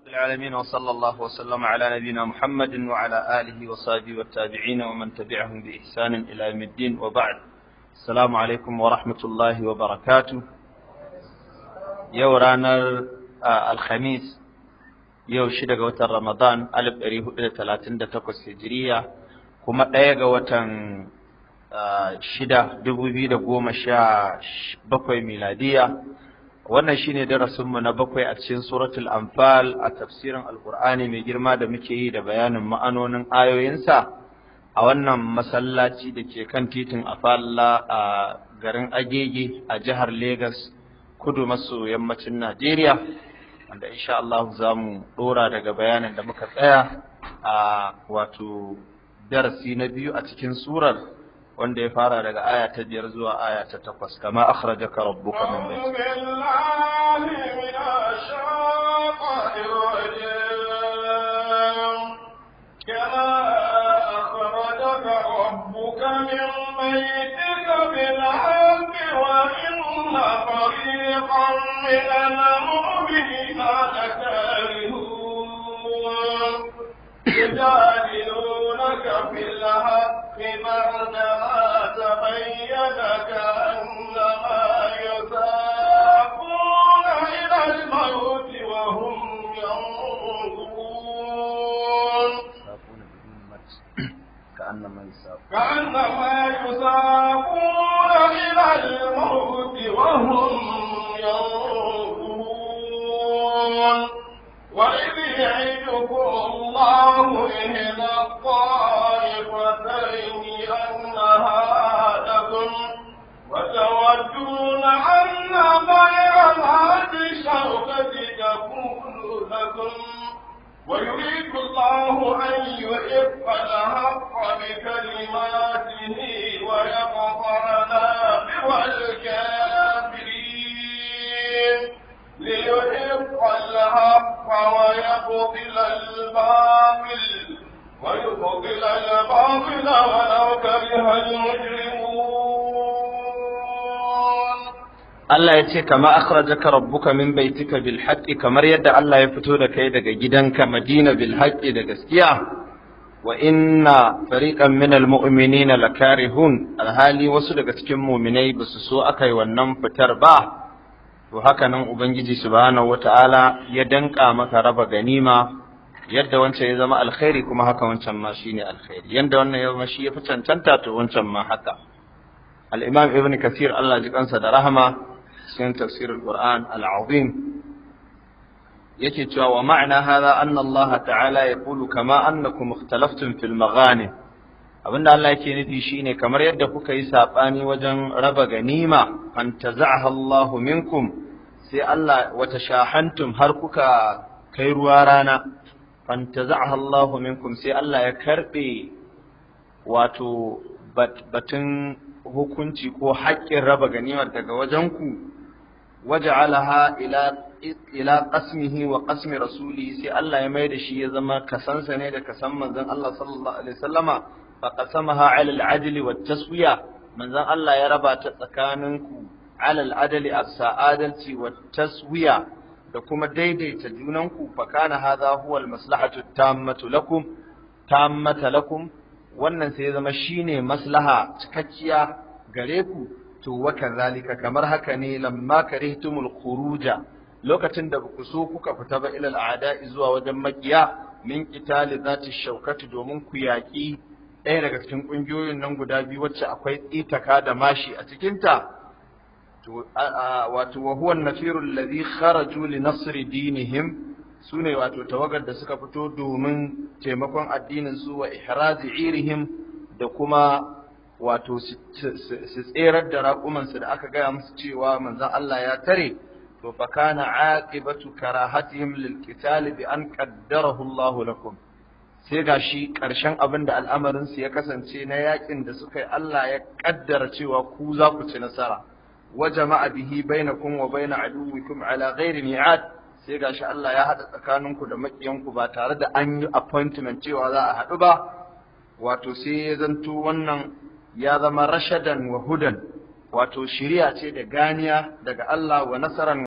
رب العالمين وصلى الله وسلم على نبينا محمد وعلى آله وصحبه والتابعين ومن تبعهم بإحسان إلى يوم الدين وبعد السلام عليكم ورحمة الله وبركاته يورانا الخميس yau shida ga watan Ramadan alif ɗari hudu da talatin da takwas hijiriya kuma ɗaya ga watan shida dubu biyu da goma sha bakwai miladiya wannan shine darasinmu na bakwai a cikin suratul anfal a tafsirin alqur'ani mai girma da muke yi da bayanin ma'anonin ayoyinsa a wannan masallaci da ke kan titin a afalla a garin agege a jihar Legas, kudu maso yammacin najeriya wanda insha Allah za mu dora daga bayanin da muka tsaya a wato darasi na biyu a cikin surar وان دي فارا آية تجير زوا آية تتقص كما أخرجك ربك من بيت أعوذ بالله من الشيطان الرجيم كما أخرجك ربك من بيتك بالحق وإن فريقا من المؤمنين لكارهون يجادلونك في الحق بعدما كأنما يساقون كأنما يساقون إلى الموت وهم ينظرون وإذ يعدكم الله إلى الطائفتين أنها لكم وتودون أن غير ذات الشوكة تكون لكم ويريد الله أن يحق الحق بكلماته ويقطع Allah ya ce kama rabbu rabbuka min baitika bil haqqi kamar yadda Allah ya fito da kai daga gidanka Madina bil haqqi da gaskiya wa inna fariqan min al mu'minina lakarihun alhali wasu daga cikin mu'minai basu so akai wannan fitar ba to haka nan ubangiji subhanahu wata'ala ya danka maka raba ganima yadda wancan ya zama alkhairi kuma haka wancan ma shine alkhairi yanda wannan ya shi ya fi cancanta to wancan ma haka al-imam ibn kasir Allah ji kansa da rahama cikin tafsir al-Qur'an al yake cewa wa ma'ana hadha anna Allah ta'ala yaqulu kama annakum ikhtalaftum fil abin abinda Allah yake nufi shine kamar yadda kuka yi sabani wajen raba ganima an taza'aha Allahu minkum sai Allah wata shahantum har kuka kai ruwa rana an taza'aha Allahu minkum sai Allah ya karbe wato batun hukunci ko haƙƙin raba ganimar daga wajenku waj'alaha ila ila qasmihi wa qasmi rasulihi sai Allah ya mai da shi ya zama kasansa ne da kasan manzon Allah sallallahu alaihi wasallama fa qasamaha ala al-adl wa taswiya manzon Allah ya raba ta tsakaninku ala adali a as-sa'adati wa taswiya da kuma daidaita junanku fa kana hadha huwa al-maslahatu tammatu lakum tammata lakum wannan sai ya zama shine maslaha cikakkiya gare ku to wa kamar haka ne lamma karihtumul khuruja lokacin da ku so kuka fita ba ilal a'da'i zuwa wajen makiya min qitali zati shaukati domin ku yaƙi ɗaya daga cikin ƙungiyoyin nan guda biyu wacce akwai itaka da mashi a cikinta to wato wa huwa an-nasiru alladhi kharaju li nasri dinihim sune wato tawagar da suka fito domin taimakon addinin su wa ihrazi irihim da kuma wato su tserar da raƙumansu da aka gaya musu cewa manzan Allah ya tare to fa kana aqibatu karahatihim lil qital bi an qaddarahu Allah lakum sai gashi ƙarshen abin da al'amarin su ya kasance na yakin da suka yi Allah ya kaddara cewa ku za ku ci nasara wa jama'a bihi bainakum wa bain aduwwikum ala ghairi mi'ad sai gashi Allah ya hada tsakaninku da makiyanku ba tare da an yi appointment cewa za a haɗu ba wato sai ya zanto wannan ya zama rashadan wa hudan wato shiriya ce da ganiya daga Allah wa nasaran